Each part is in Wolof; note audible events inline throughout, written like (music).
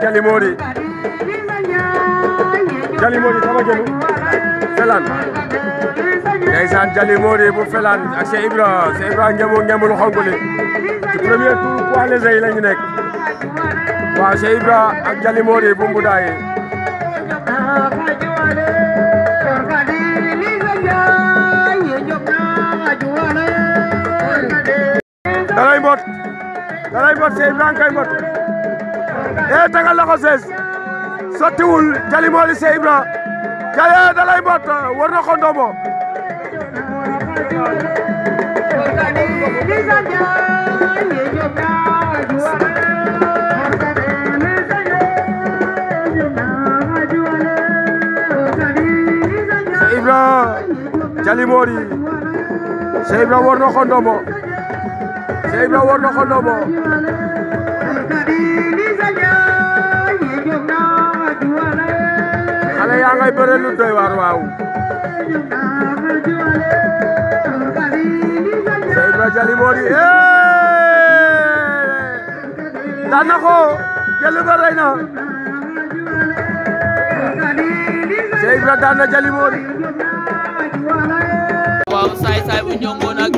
Jalimori Jalimori sama gelu felaan ndeysaan Jalimori bu felaan ak Cheikh Ibra Cheikh ngemu ngemu lu premier tour poids léger yi la nekk waaw Cheikh Ibra ak Jalimori bu Mboudaay dalay mbot dalay ee tegal na sottiwul Jali moo Ibra Jali da Ibra Jali moo di Ibra war na yaa ngay bëre lu doy waar na ko ba rey na Seydou daan na Jali moo di waaw saay saay bu ñongoon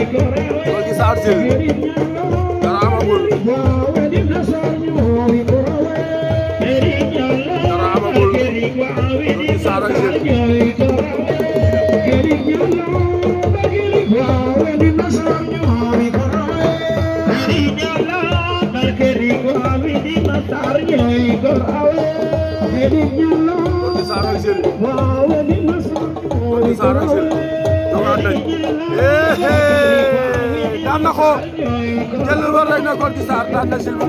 loolu gis naa argile dara amagul dara amagul loolu gis naa argile loolu gis naa argile daan na ko jël war rek na Gorgui Sarr daan na Jules bu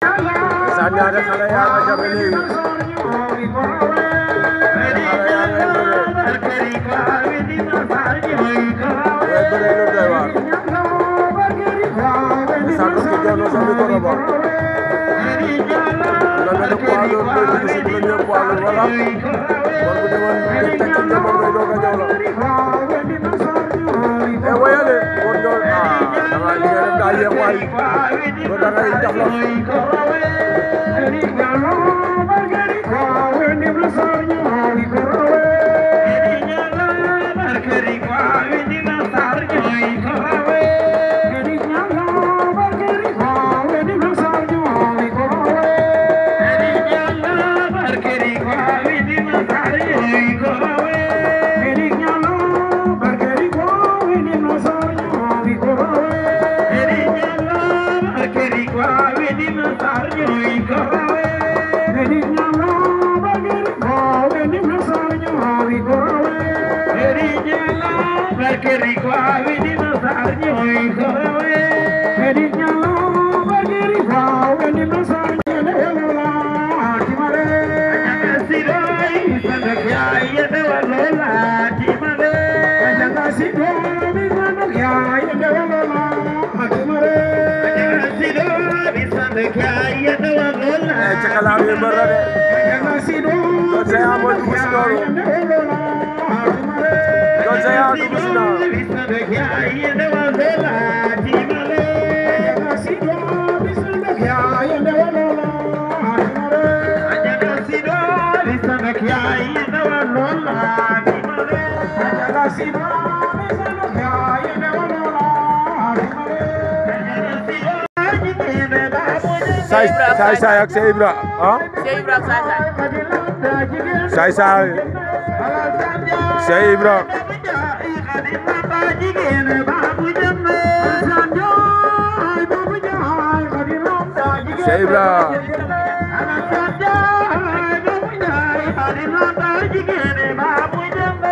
Kaano sa ñaari xale yaa nga jabe léegi way bëre lu doy waar sa ko ko jono sa ko robo la na ko walo ko ci premier poids wala war ko demoon kaa yeex waay ba da ngay jaxlo Check out how you burn it. Don't say how much we store. Sai साई अक्षय कृष्ण देखिया ये देवा साई साई साई कृष्ण देखिया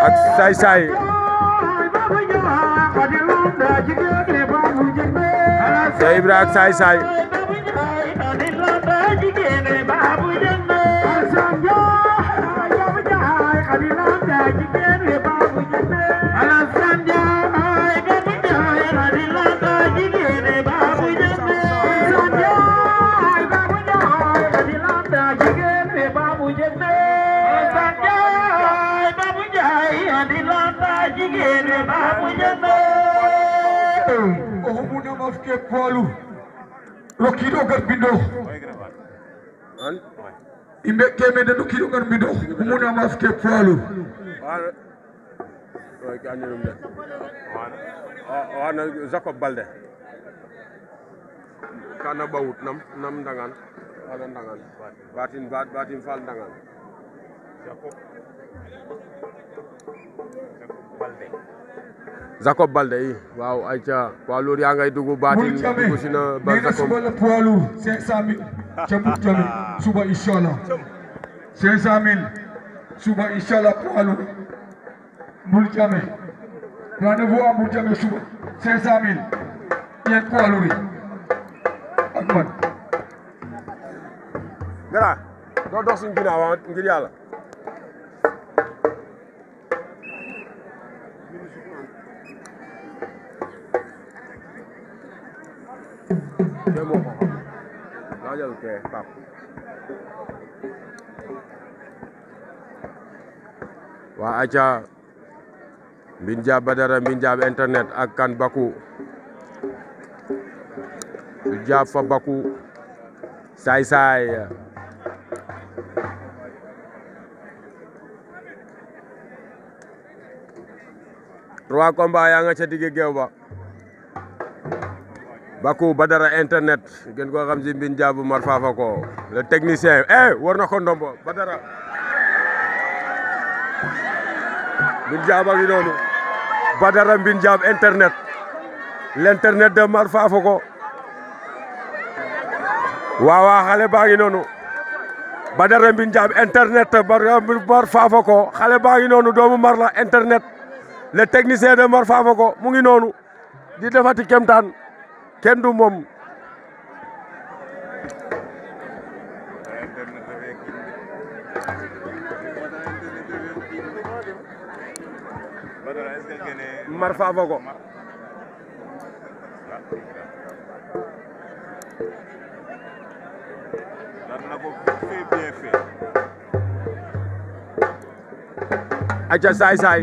ak saay saay Cheikh Ibra ak saay saay ke poolu lo kiiɗo gar bindo yimɓe temede no kiiɗo gar bindo munamaf ke poolu wana jacob balde kana ɓawut nam nam dangan wala dangan batin batin Balde. Jacob Balde yi waaw ay ca poids yaa ngay dugg baatin dugg si na ba Jacob suba la poids lourd cinq cent mille ca Boutjolou suba incha allah cinq suba incha allah poids lourd Mbour Diame rendez-vous à suba cinq cent mille yéen poids lourd yi ak man. Gara doo dox suñu ginnaaw ah, ngir Oke, okay, stop. wa aja minja badara minja internet akan baku minja fa baku saay saay trois combats yaa nga ca digg géew ba Bakou Badara internet gën koo xam si mbin jaabu mar faafa ko le technicien eh war na ko ndombo Badara mbin jaaba jaab internet l' internet de mar faafa ko waaw waaw xale baa ngi noonu Badara mbin jaab internet mar faafa ko xale baa ngi noonu doomu mar la internet le technicien de mar faafa ko mu ngi noonu di defati kemtaan kenn du moom mar faafo ko aca saay saay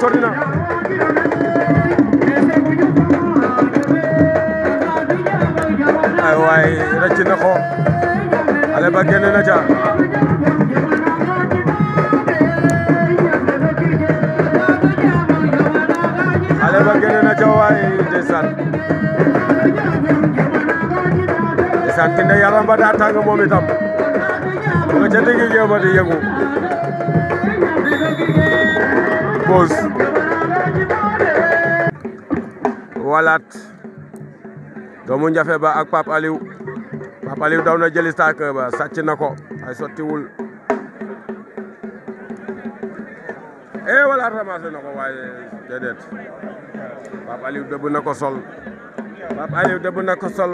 sori na ay waay rëcc na ko xale ba génn na ca xale ba génn na ca waay ndeysaan ndeysaan te ne yaram ba daa tàng moom itam nga ca digg géew ba di yëngu pause walaat doomu njafe ba ak Pape Aliou daw na jëli saak ba na ko ay sottiwul eh walaat ramassé na ko waaye déedéet Pape dëbb na ko sol dëbb na ko sol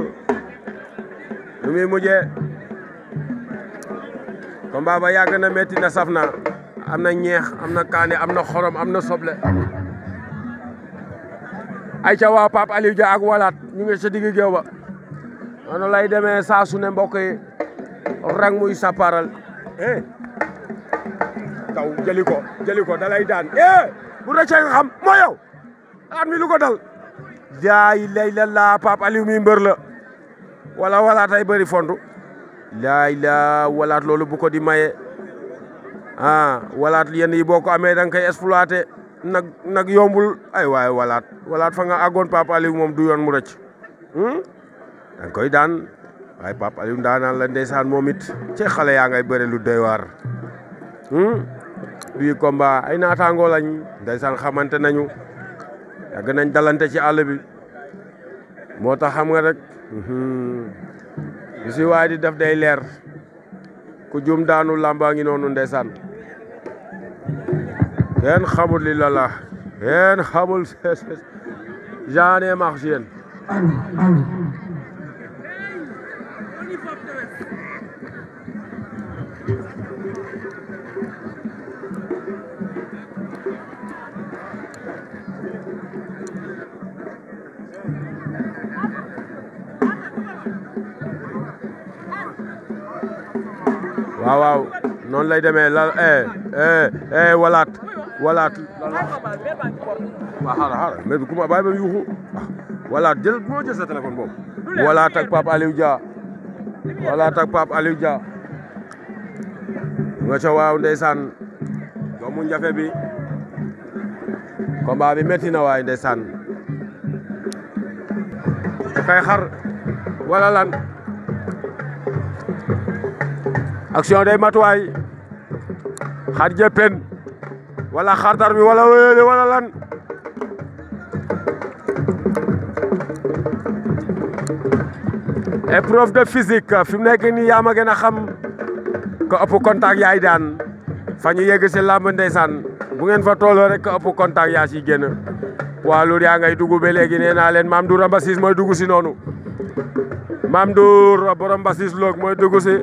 lu muy mujjee combat ba yàgg na metti am ñeex am kané amna am xorom am na soble ay ca wa pap Aliou Dia ak walat ñu ngi sa digg géew ba lay démé sa suné mbokk yi rang muy paral eh taw jëli ko dalay daan eh bu rëccee nga xam mo yow am mi lu ko dal jaay layla la pap Aliou mi mbeur la wala walaat ay bari fondu la walat lolou bu ko di maye ah walat liyan yi boko amé dang kay exploiter nak nak nag yombul ay way walat, walat fa nga agone papa Aliou mom du yon mu recc hmm dang koy dan ay papa Aliou ndaanaan la ndeysaan momit ci xalé ya ngay beure lu doy waar bii hmm? combat ay naataangoo lañ ndeysaan xamanté nañu yag nañ dalanté ci àll bi motax xam nga rek hmm si waay di def day leer ku jum daanu làmbaa ngi هن خمول لله هن خمول جاني مخزين واو واو نون لاي ديمي لا اي اي اي ولات wala ah, waaw xaaral xaaral mais ku ma bàyyi ba yuuxu wala jël moo jël sa téléphone boobu wala tak Pape Aliou Dia wala tak Pape Aliou Dia nga ca waaw ndeysaan doomu njafe bi combat bi metti na waay ndeysaan kay xar wala lan action day matuwaay xar jëppen wala xartar bi wala wéele wala lan eh, prof de physique fi nek ni nii yaa ma xam ko ëpp contact yaay daan fa ñu yegg ci lamb ndeysaan bu ngeen fa tolo rek ko ëpp contact ya si génn wa loolu ya ngay dugg ba léegi nee naa leen rambassis moy duggu ci nonu si noonu maam Dour borom Mbassis loog mooy si.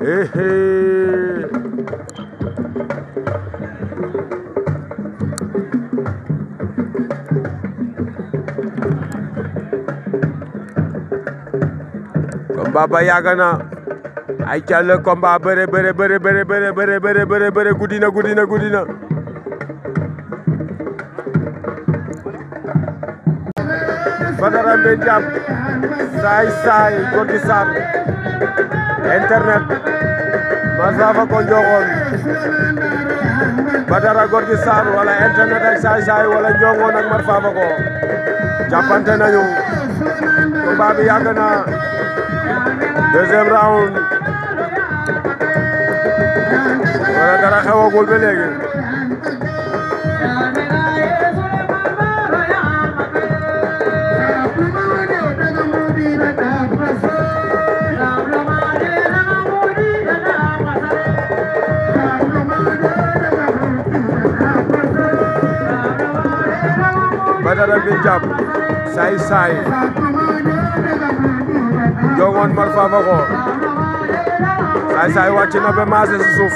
Eh, eh. baba yàgg na ay ca le combat bëre bëre bëre bëre bëre bëre bëre bëre bëre guddi na guddi na guddi na Badara Mbengue Thiam saay saay Gorgui Sarr internet masafa ko njogoon Badara Gorgui Sarr wala internet ak saay saay wala njongoon ak mar fafa ko jàppante nañu combat bi yàgg na deuxième round wala dara xewagul ba léegi Badara bi jàpp saay saay amoon par Fafako saay saay wàcc na ba maase si suuf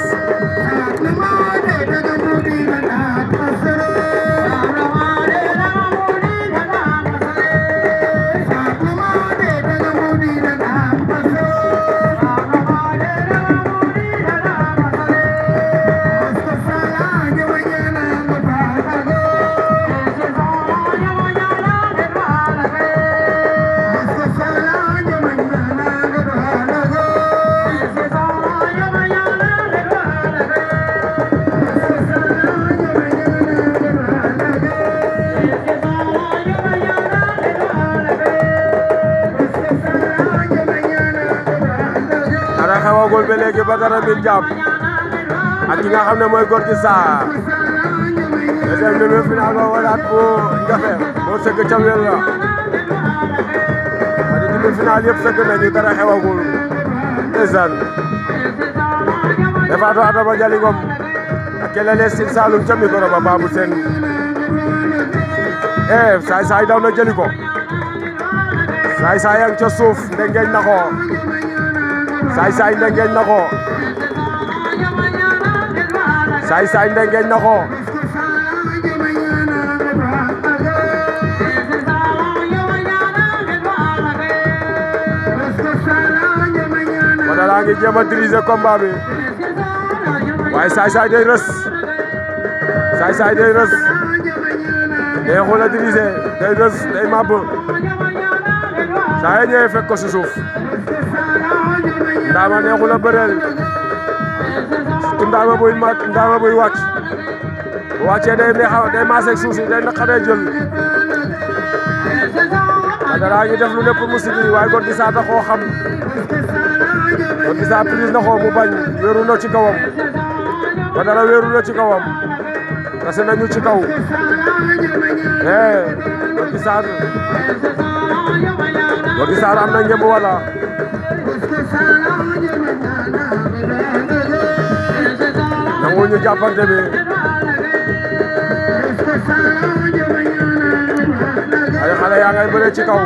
Badara Mbine Diap ak ki nga xam ne mooy Gorgui Sarr deuxième demi-finale ba walaat bu Ndiaffé moo sëgg ca wel la parce que demi-finale yëpp sëgg nañu dara xewagul ndeysaan defaatu Adama Jalingom ak kelele Sine Saloum ca micro ba Babou Sène eh, saay saay daw na jëli saay saay yang ca na ko saay saay ndengeñ na ko saay saay ndengeñ na ko wala laa ngi jéem a diriger waaye saay saay day rës saay saay day rës day xool a diriger day saa yéenee fekk ko ndaama neexul a bëreel surtout ndaama buy màcc ndaama buy wàcc bu wàccee day neex day maaseeg suuf si day naqaree jël Badara def lu lépp mu sigi waaye Gorgui Sa taxoo xam Gorgui Sa na ko mu bañ wéeru na ci kawam Badara wéeru na ci kawam kase nañu ci kaw eh Gorgui Sa Gorgui Sa am na ngëm wala nangu ñu jàppante bi ay xale yaa ngay bëre ci kaw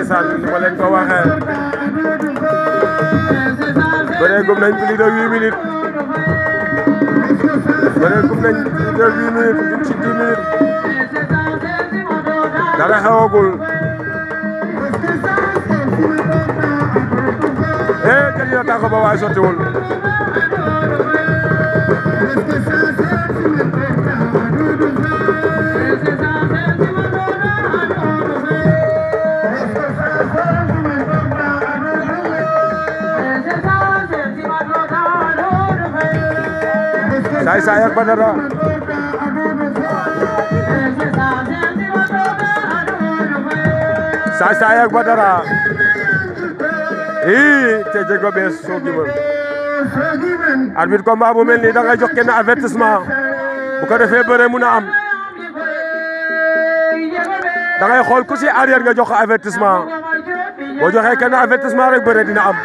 ndeysaan ni ma leen ko de huit minutes bëree gum nañ plus de huit minutes ñu ci dix minutes dara xewagul eh jël yoo tànk ba waaye sottiwul بدرا ساسايك بدرا اي تجيكو بيس سوكي بول arbitre combat bu mel nii da ngay jox kenn avertissement bu ko defee bëre mun a am da ngay xool ku si arrière nga jox ko avertissement boo joxee kenn avertissement rek bëre dina am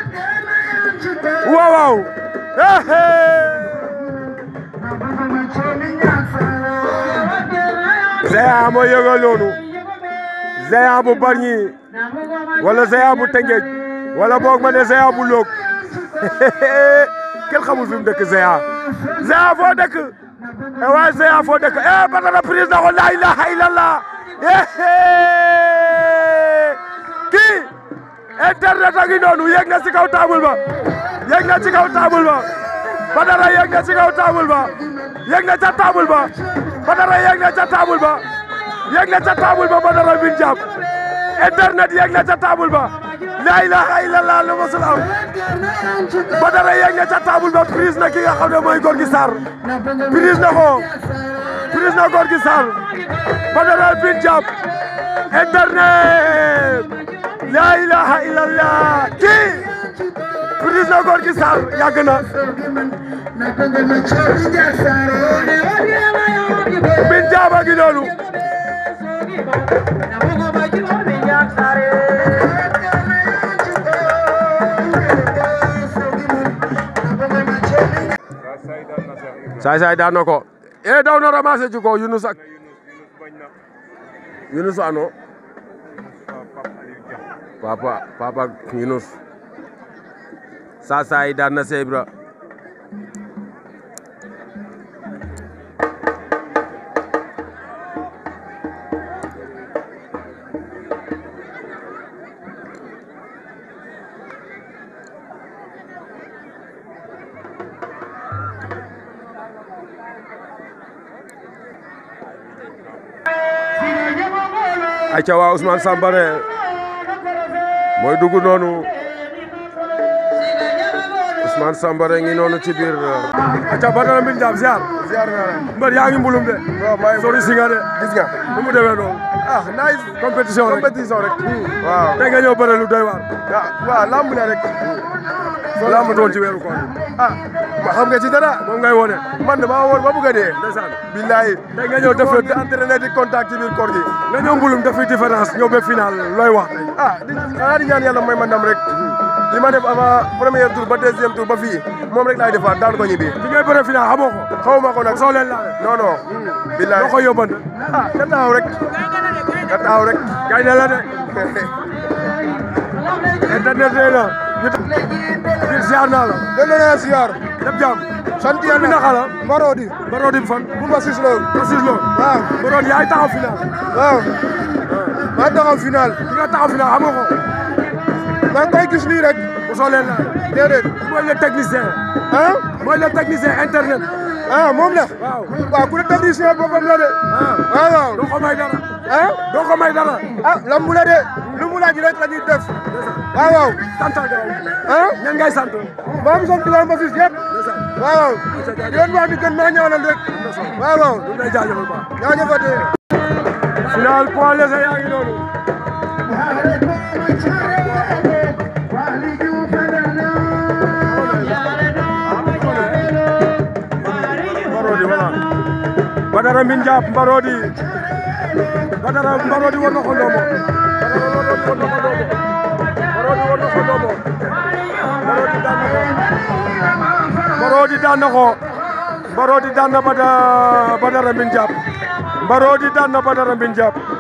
waaw waaw Géant moo yëgal loolu Géant bu Bargny wala Géant bu Tëngéej wala boog ma ne Géant bu Log (laughs) kenn xamul dëkk Géant Géant foo dëkk e waay Géant foo dëkk e eh, batana prise na ko laa ilaaha illallah (laughs) kii internet a na ci kaw taabul ba yéeg na ci kaw taabul ba batana yéeg na ci kaw taabul ba yéeg na ca taabul ba Badara yegg na ca taabul ba yegg na ca taabul ba Badara bin jàpp internet yegg ca taabul ba la ilaha illallah lu musul am ca taabul ba prise ki nga xam ne mooy Gorgui Sarr prise na ko prise na Gorgui Sarr Badara bin jàpp internet la ilaha illallah kii prise na Gorgui Mbine Thiaba gi noonu saay saay ko e daw na ramasser ko Yunus ak Yunus ano papa Yunus saa saay daan ca waa Ousmane Sambare mooy dugg noonu Ousmane Sambare ngi noonu ci biir aca Badara Mbine Thiam ziar ziar naa leen mbër yaa ngi mbulum de sori si de gis nga nu mu demee noonu ah nice compétition rek compétition rek hmm. waaw tey nga ñëw bëre lu ah, rek soo lamb doon ci weeru koor ah ba xam nga ci dara moom ngay wone man de maa woon ba bugg a dee ndeysaan billaahi tey nga ñëw def di entraîné di contact ci biir koor gi nga ñëw mbulum def fi différence ñëw ba final looy wax tey ah di xanaa di may ma ndam rek li ma def avant premier tour ba deuxième tour ba fii moom rek laay defaat daan ko ñibbi. fi ngay bëre final xamoo ko. xaw ma ko nag soo leen laale. non non. billaahi doo ko yóbban. ah nga taxaw rek. nga taxaw rek. gañ na la de. internet la. (laughs) ngir ziar naa la. delloo naa ziar. def jàmm. sant bi naka la. Marodi. fan. bu ma siis lool. ma yaay taxaw final. waaw. maa taxaw final. bi nga taxaw final amoo ko. maa ngi koy gis nii rek. mosoo leen la. déedéet. mooy le technicien. ah. mooy le technicien internet. Ah, moom la. waaw waaw ku ne technicien boppam la de. Ah. waaw waaw. doo ah Dua ko may dara ah la mu la de lu mu laaj rek la ñuy def waaw waaw santal gars yi ah ñan ngay sant ba mu sant la ma fis yëpp waaw waaw di leen wax ni gën maa ñaanal rek waaw waaw ñu lay jaajëfal ba jaajëfate final point les Badara Minjap Badara Mbarodi woon na ko Ndombo Badara Mbarodi woon na ko Ndombo Mbarodi